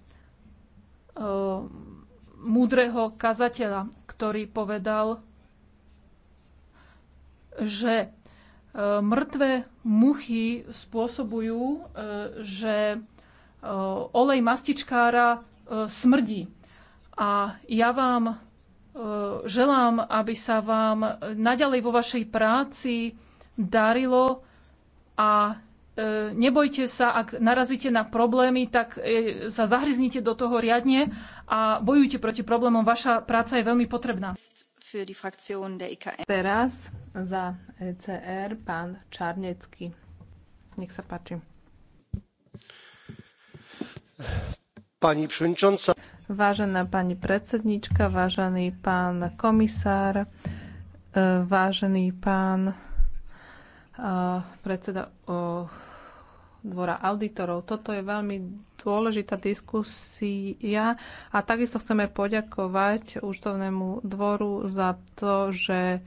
múdreho kazateľa, ktorý povedal, že E, mŕtve muchy spôsobujú, e, že e, olej mastičkára smrdí. A ja vám želám, aby sa vám naďalej vo vašej práci darilo a nebojte sa, ak narazíte na problémy, tak sa zahryznite do toho riadne a bojujte proti problémom. Vaša práca je veľmi potrebná. E Teraz za ECR pán Čarnecký. Nech sa páči. Pani przewodnicząca. Vážená pani predsednička, vážený pán komisár, e, vážený pán e, predseda dvora auditorov. Toto je veľmi dôležitá diskusia a takisto chceme poďakovať účtovnému dvoru za to, že e,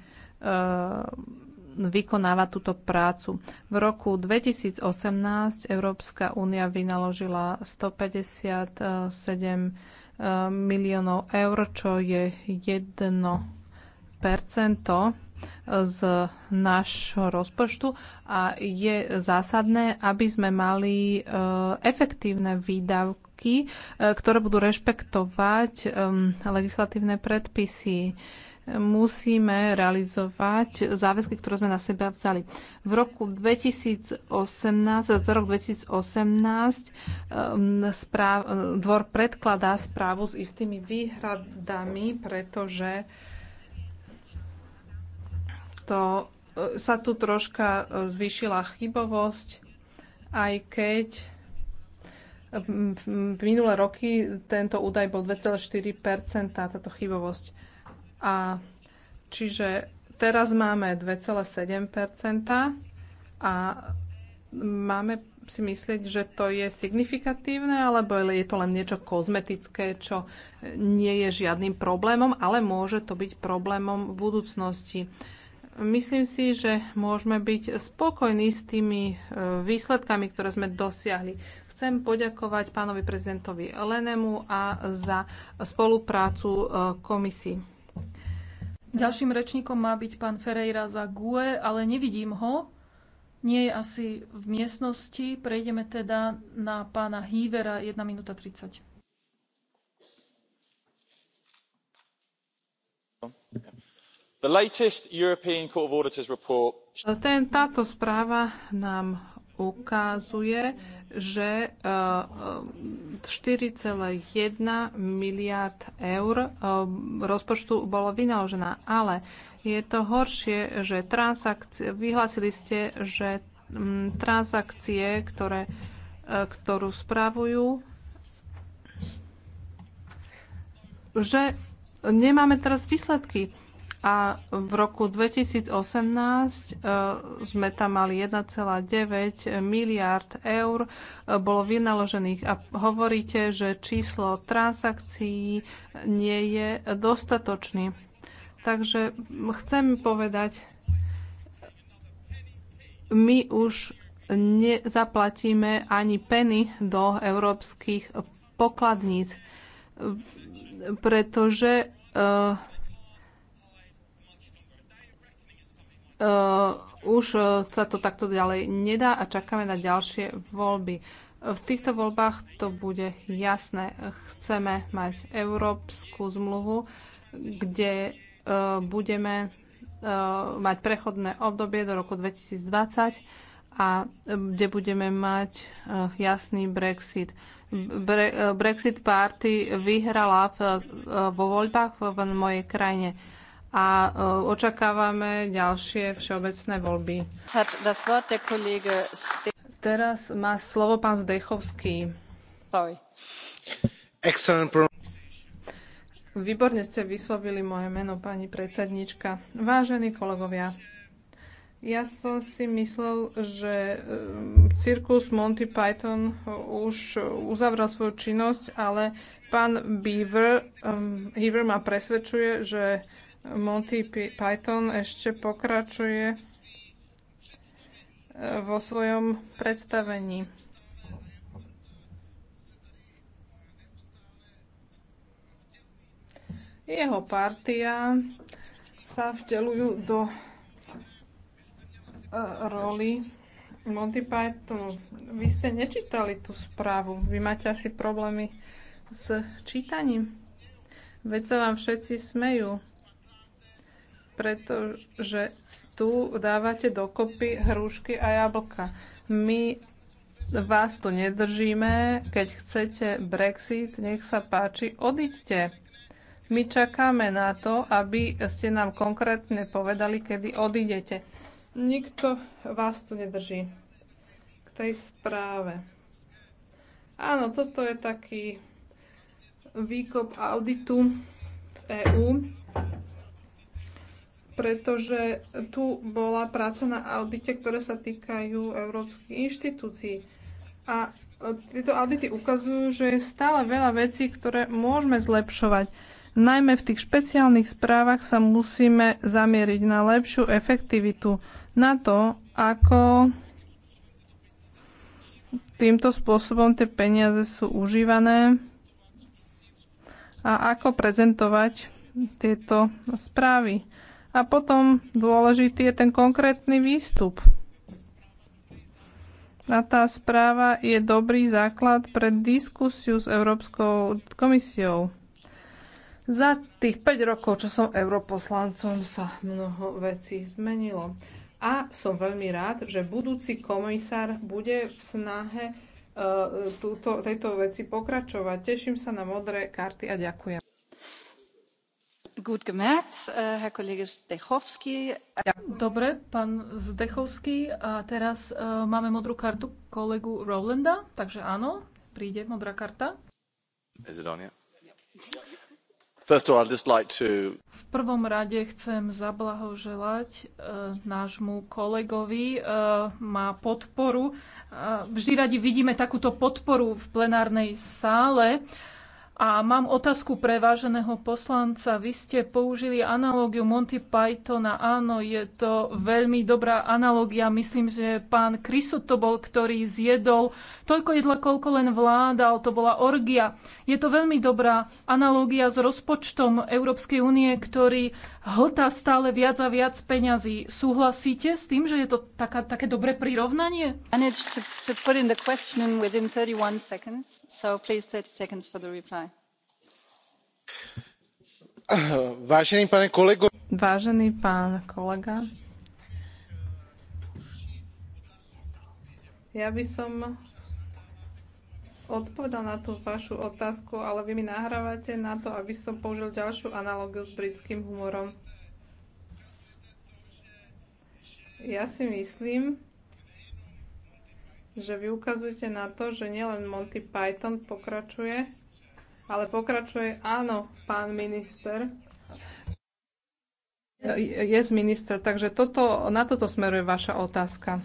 vykonáva túto prácu. V roku 2018 Európska únia vynaložila 157 e, miliónov eur, čo je 1 percento z nášho rozpočtu a je zásadné, aby sme mali e, efektívne výdavky, e, ktoré budú rešpektovať e, legislatívne predpisy musíme realizovať záväzky, ktoré sme na seba vzali. V roku 2018, za rok 2018 správ, dvor predkladá správu s istými výhradami, pretože to e, sa tu troška e, zvýšila chybovosť, aj keď e, minulé roky tento údaj bol 2,4 táto chybovosť. A čiže teraz máme 2,7 a máme si myslieť, že to je signifikatívne, alebo je to len niečo kozmetické, čo nie je žiadnym problémom, ale môže to byť problémom v budúcnosti. Myslím si, že môžeme byť spokojní s tými e, výsledkami, ktoré sme dosiahli. Chcem poďakovať pánovi prezidentovi Lenemu a za spoluprácu e, komisii. Ďalším rečníkom má byť pán Ferreira za GUE, ale nevidím ho. Nie je asi v miestnosti. Prejdeme teda na pána Hívera 1 minúta 30. E, táto správa nám ukazuje, že 4,1 e, e, miliard eur rozpočtu bolo vynaložená, ale je to horšie, že transakcie, ste, že transakcie, ktoré, ktorú spravujú, že nemáme teraz výsledky. A v roku 2018 e, sme tam mali 1,9 miliard eur, e, bolo vynaložených a hovoríte, že číslo transakcií nie je dostatočný. Takže chcem povedať, my už nezaplatíme ani peny do európskych pokladníc, pretože uh, Uh, už uh, sa to takto ďalej nedá a čakáme na ďalšie voľby. V týchto voľbách to bude jasné. Chceme mať európsku zmluvu, kde uh, budeme mať prechodné obdobie do roku 2020 a kde budeme mať jasný Brexit. Brexit Party vyhrala vo voľbách v mojej krajine a e, očakávame ďalšie všeobecné voľby. Teraz má slovo pán Zdechovský. Výborne ste vyslovili moje meno, pani predsednička. Vážení kolegovia, ja som si myslel, že e, cirkus Monty Python e, už uzavral svoju činnosť, ale pán Beaver, um, Heaver ma presvedčuje, že Monty Python ešte pokračuje e, vo svojom predstavení. Jeho partia sa vtelujú do e, roli Monty Python. Vy ste nečítali tú správu. Vy máte asi problémy s čítaním. Veď sa vám všetci smejú pretože tu dávate dokopy hrušky a jablka. My vás tu nedržíme. Keď chcete Brexit, nech sa páči, odiďte. My čakáme na to, aby ste nám konkrétne povedali, kedy odídete. Nikto vás tu nedrží. K tej správe. Áno, toto je taký výkop auditu EÚ pretože tu bola práca na audite, ktoré sa týkajú európskych inštitúcií. A tieto audity ukazujú, že je stále veľa vecí, ktoré môžeme zlepšovať. Najmä v tých špeciálnych správach sa musíme zamieriť na lepšiu efektivitu, na to, ako týmto spôsobom tie peniaze sú užívané a ako prezentovať tieto správy. A potom dôležitý je ten konkrétny výstup. A tá správa je dobrý základ pre diskusiu s Európskou komisiou. Za tých 5 rokov, čo som europoslancom, sa mnoho vecí zmenilo. A som veľmi rád, že budúci komisár bude v snahe uh, túto, tejto veci pokračovať. Teším sa na modré karty a ďakujem. Äh, dobre, pán Zdechovský. A teraz uh, máme modrú kartu kolegu Rowlanda, takže áno, príde modrá karta. V prvom rade chcem zablahoželať uh, nášmu kolegovi. Uh, má podporu. Uh, vždy radi vidíme takúto podporu v plenárnej sále. Uh, a mám otázku pre váženého poslanca. Vy ste použili analógiu Monty Pythona. Áno, je to veľmi dobrá analógia. Myslím, že pán Krisut to bol, ktorý zjedol toľko jedla, koľko len vládal. To bola orgia. Je to veľmi dobrá analógia s rozpočtom Európskej únie, ktorý hltá stále viac a viac peňazí. Súhlasíte s tým, že je to taká, také dobré prirovnanie? 31 seconds vážený pane kolego pán kolega ja by som odpovedal na tú vašu otázku ale vy mi nahrávate na to aby som použil ďalšiu analógiu s britským humorom. ja si myslím že vy ukazujete na to, že nielen Monty Python pokračuje, ale pokračuje áno, pán minister. Yes, minister. Takže toto, na toto smeruje vaša otázka.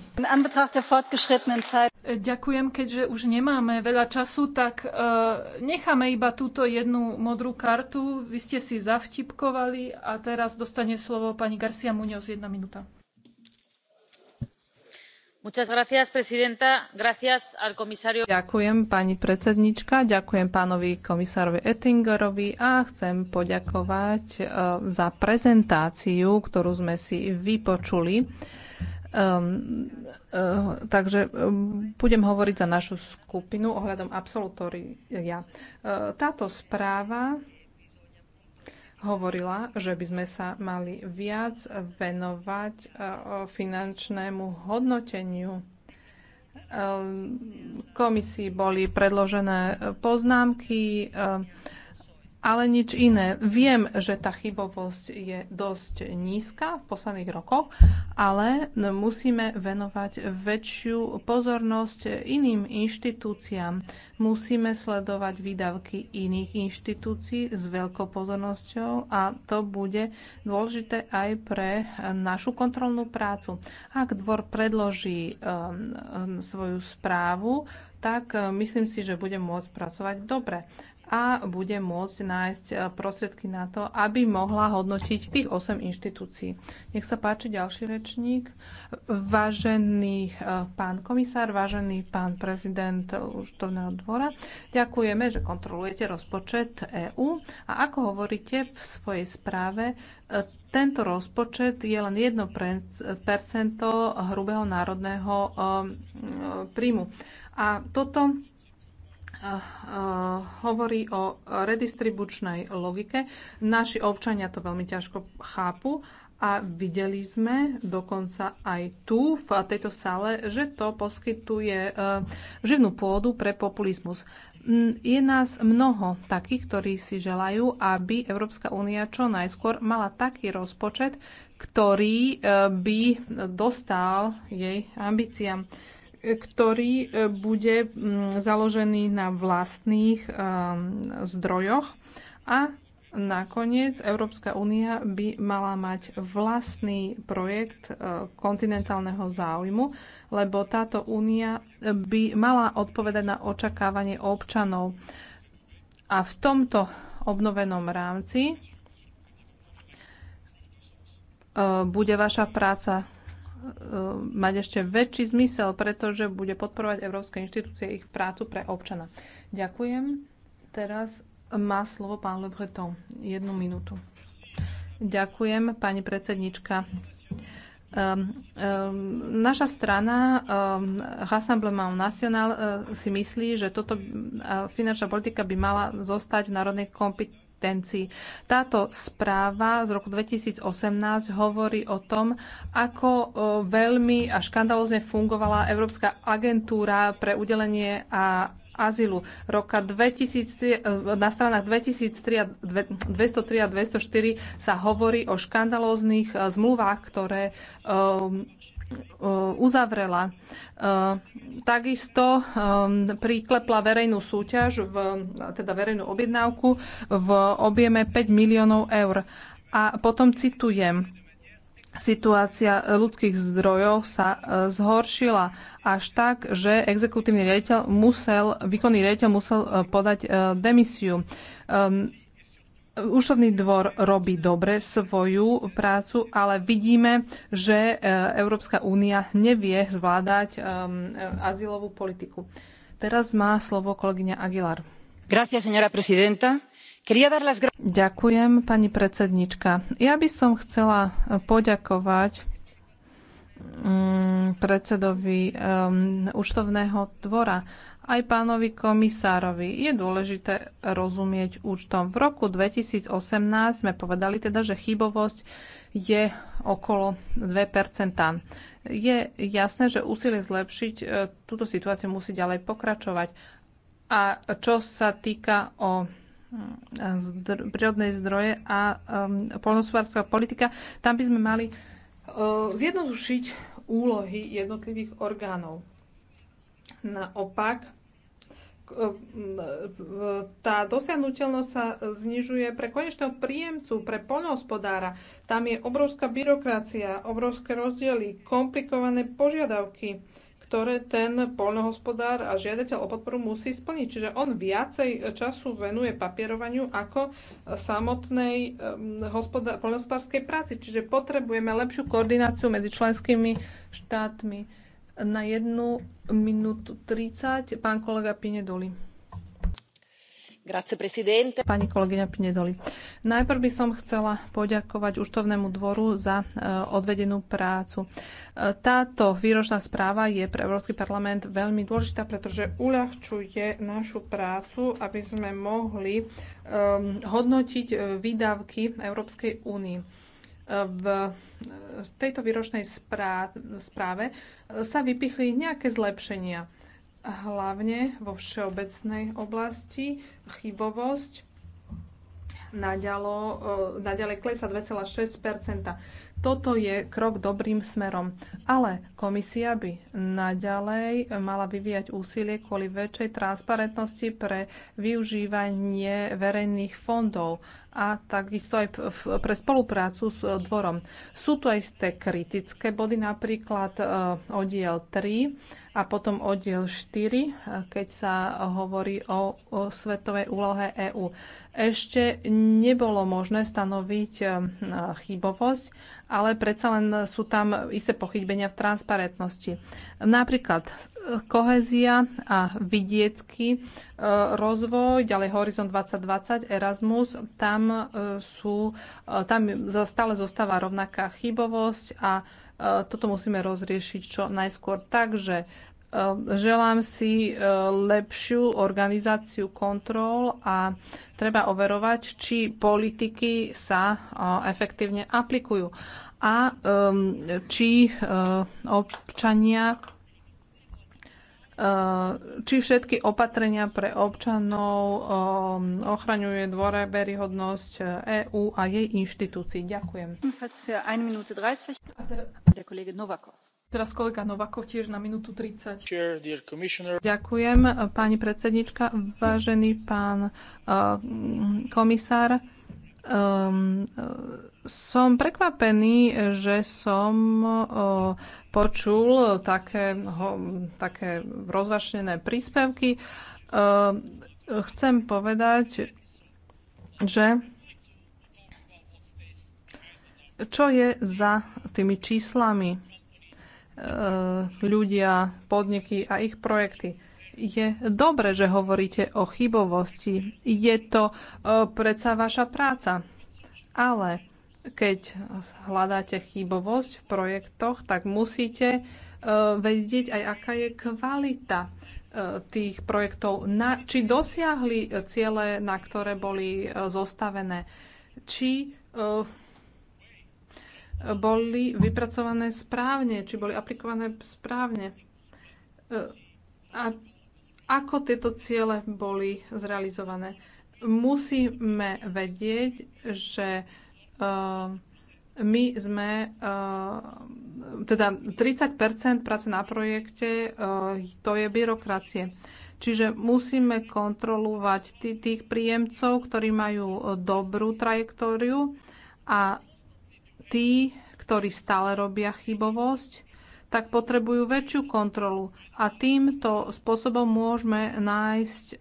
Ďakujem, keďže už nemáme veľa času, tak uh, necháme iba túto jednu modrú kartu. Vy ste si zavtipkovali a teraz dostane slovo pani Garcia Muñoz, jedna minúta. Ďakujem pani predsedníčka ďakujem pánovi komisárovi Oettingerovi a chcem poďakovať e, za prezentáciu, ktorú sme si vypočuli. Um, uh, takže um, budem hovoriť za našu skupinu ohľadom absolutória. Uh, táto správa hovorila, že by sme sa mali viac venovať e, finančnému hodnoteniu. E, komisii boli predložené poznámky, e, ale nič iné. Viem, že tá chybovosť je dosť nízka v posledných rokoch, ale musíme venovať väčšiu pozornosť iným inštitúciám. Musíme sledovať výdavky iných inštitúcií s veľkou pozornosťou a to bude dôležité aj pre našu kontrolnú prácu. Ak dvor predloží um, um svoju správu, tak uh, myslím si, že budem môcť pracovať dobre a bude môcť nájsť e, prostriedky na to, aby mohla hodnotiť tých 8 inštitúcií. Nech sa páči ďalší rečník. Vážený e, pán komisár, vážený pán prezident účtovného dvora, ďakujeme, že kontrolujete rozpočet EÚ a ako hovoríte v svojej správe, e, tento rozpočet je len 1% hrubého národného príjmu. A toto hovorí o redistribučnej logike. Naši občania to veľmi ťažko chápu a videli sme dokonca aj tu, v tejto sále, že to poskytuje e, živnú pôdu pre populizmus. Mm, je nás mnoho takých, ktorí si želajú, aby Európska únia čo najskôr mala taký rozpočet, ktorý e, by dostal jej ambíciám ktorý e, bude mm, založený na vlastných e, zdrojoch a nakoniec Európska únia by mala mať vlastný projekt e, kontinentálneho záujmu, lebo táto únia by mala odpovedať na očakávanie občanov. A v tomto obnovenom rámci bude vaša práca E, mať ešte väčší zmysel, pretože bude podporovať európske inštitúcie ich prácu pre občana. Ďakujem. Teraz má slovo pán Le Breton. Jednu minútu. Ďakujem, pani predsednička. Um, um, naša strana um, Rassemblement National uh, si myslí, že toto uh, finančná politika by mala zostať v národnej kompetencii kompetencií. Táto správa z roku 2018 hovorí o tom, ako veľmi a škandalozne fungovala Európska agentúra pre udelenie a azylu roka 2003, e, na stranách 2003 a 203 a 204 sa hovorí o škandalóznych e, zmluvách, ktoré um, uzavrela. Takisto priklepla verejnú súťaž, v, teda verejnú objednávku v objeme 5 miliónov eur. A potom citujem, situácia ľudských zdrojov sa e, zhoršila až tak, že exekutívny riaditeľ musel, výkonný riaditeľ musel e, podať e, demisiu. Úsledný dvor robí dobre svoju prácu, ale vidíme, že e, Európska únia nevie zvládať e, e, azylovú politiku. Teraz má slovo kolegyňa Aguilar. Gracias, señora presidenta. Las... Ďakujem, pani predsednička. Ja by som chcela poďakovať mm, predsedovi um, dvora aj pánovi komisárovi. Je dôležité rozumieť účtom. V roku 2018 sme povedali teda, že chybovosť je okolo 2 Je jasné, že úsilie zlepšiť e, túto situáciu musí ďalej pokračovať. A čo sa týka o e, zdr- prírodnej zdroje a um, e, polnospodárstva politika, tam by sme mali uh, zjednodušiť úlohy jednotlivých orgánov Naopak, tá dosiahnutelnosť sa znižuje pre konečného príjemcu, pre poľnohospodára. Tam je obrovská byrokracia, obrovské rozdiely, komplikované požiadavky, ktoré ten poľnohospodár a žiadateľ o podporu musí splniť. Čiže on viacej času venuje papierovaniu ako samotnej poľnohospodárskej práci. Čiže potrebujeme lepšiu koordináciu medzi členskými štátmi na jednu minútu 30 pán kolega Pinedoli. Grazie, presidente. Pani kolegyňa Pinedoli. Najprv by som chcela poďakovať Uštovnému dvoru za e, odvedenú prácu. E, táto výročná správa je pre Európsky parlament veľmi dôležitá, pretože uľahčuje našu prácu, aby sme mohli e, hodnotiť výdavky Európskej únie v tejto výročnej správe sa vypichli nejaké zlepšenia, hlavne vo všeobecnej oblasti chybovosť naďalo, eh, naďalej klesa 2,6 toto je krok dobrým smerom, ale komisia by naďalej mala vyvíjať úsilie kvôli väčšej transparentnosti pre využívanie verejných fondov a takisto aj pre spoluprácu s dvorom. Sú tu aj isté kritické body, napríklad eh, oddiel 3 a potom oddiel 4, keď sa hovorí o, o svetovej úlohe EÚ. Ešte nebolo možné stanoviť e, chybovosť, ale predsa len sú tam isté pochybenia v transparentnosti. Napríklad e, kohezia a vidiecky e, rozvoj, ďalej Horizon 2020, Erasmus, tam sú, tam stále zostáva rovnaká chybovosť a E, toto musíme rozriešiť čo najskôr. Takže e, Želám si e, lepšiu organizáciu kontrol a treba overovať, či politiky sa efektívne aplikujú a či občania Ehm, či všetky opatrenia pre občanov ehm, ochraňuje veryhodnosť EÚ eh, e a jej inštitúcií. Ďakujem. Teraz kolega Novakov tiež na minútu 30. Ďakujem, pani predsednička, vážený pán eh, komisár. Um, som prekvapený, že som počul také, také rozvašnené príspevky. Chcem povedať, že čo je za tými číslami ľudia, podniky a ich projekty. Je dobre, že hovoríte o chybovosti. Je to predsa vaša práca. Ale keď hľadáte chybovosť v projektoch, tak musíte e, vedieť aj, aká je kvalita e, tých projektov, na, či dosiahli ciele, na ktoré boli e, zostavené, či boli vypracované správne, či boli aplikované správne a ako tieto ciele boli zrealizované. Musíme vedieť, že Ehm, my sme, ehm, teda 30 práce na projekte, ehm, to je byrokracie. Čiže musíme kontrolovať tých príjemcov, ktorí majú e, dobrú trajektóriu a tí, ktorí stále robia chybovosť, tak potrebujú väčšiu kontrolu. A týmto spôsobom môžeme nájsť e,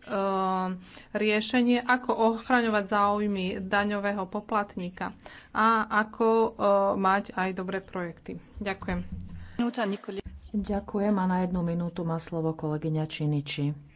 riešenie, ako ochraňovať záujmy daňového poplatníka a ako e, mať aj dobré projekty. Ďakujem. Ďakujem a na jednu minútu má slovo kolegyňa Činiči.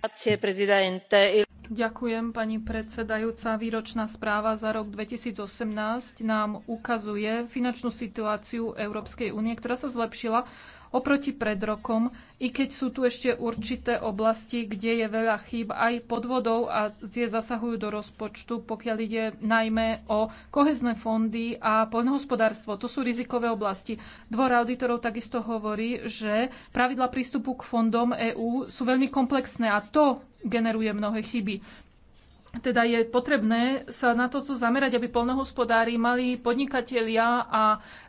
Ďakujem, pani predsedajúca. Výročná správa za rok 2018 nám ukazuje finančnú situáciu Európskej únie, ktorá sa zlepšila oproti pred rokom, i keď sú tu ešte určité oblasti, kde je veľa chýb aj podvodov a tie zasahujú do rozpočtu, pokiaľ ide najmä o kohézne fondy a poľnohospodárstvo. To sú rizikové oblasti. Dvor auditorov takisto hovorí, že pravidlá prístupu k fondom EÚ sú veľmi komplexné a to generuje mnohé chyby. Teda je potrebné sa na to zamerať, aby polnohospodári mali podnikatelia a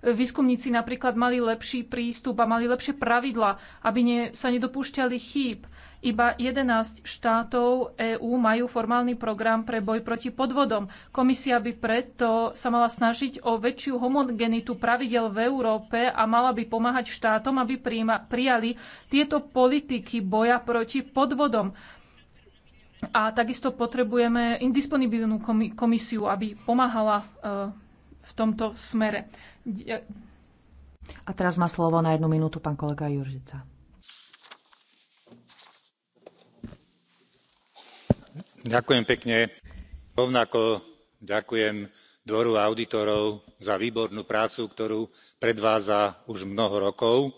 výskumníci napríklad mali lepší prístup a mali lepšie pravidla, aby ne, sa nedopúšťali chýb. Iba 11 štátov EÚ majú formálny program pre boj proti podvodom. Komisia by preto sa mala snažiť o väčšiu homogenitu pravidel v Európe a mala by pomáhať štátom, aby prijali tieto politiky boja proti podvodom. A takisto potrebujeme indisponibilnú komisiu, aby pomáhala e, v tomto smere. A teraz má slovo na jednu minútu pán kolega Juržica. Ďakujem pekne. Rovnako ďakujem dvoru auditorov za výbornú prácu, ktorú predvádza už mnoho rokov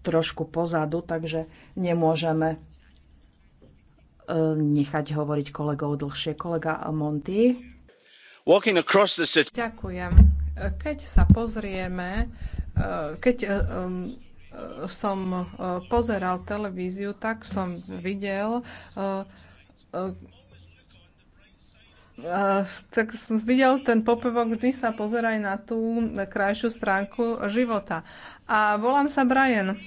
trošku pozadu, takže nemôžeme e, nechať hovoriť kolegov dlhšie. Kolega Monty. Ďakujem. Keď sa pozrieme, e, keď e, som pozeral televíziu, tak som videl Uh, tak som videl ten popevok, vždy sa pozeraj na tú krajšiu stránku života. A volám sa Brian.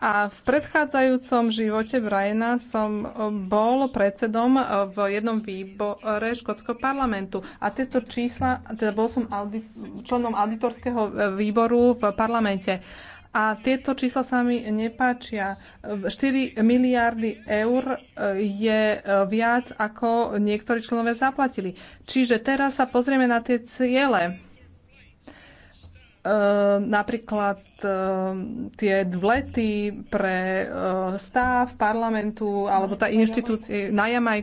A v predchádzajúcom živote Briana som e, bol predsedom e, v jednom výbore škótskeho parlamentu. A tieto čísla, teda bol som audit, členom auditorského e, výboru v parlamente. Uh, a tieto čísla sa mi nepáčia. 4 miliardy eur e, je e, viac, ako niektorí členovia zaplatili. Čiže teraz sa pozrieme na tie ciele. E, napríklad tie vlety pre stáv parlamentu alebo tá inštitúcie na Jamajku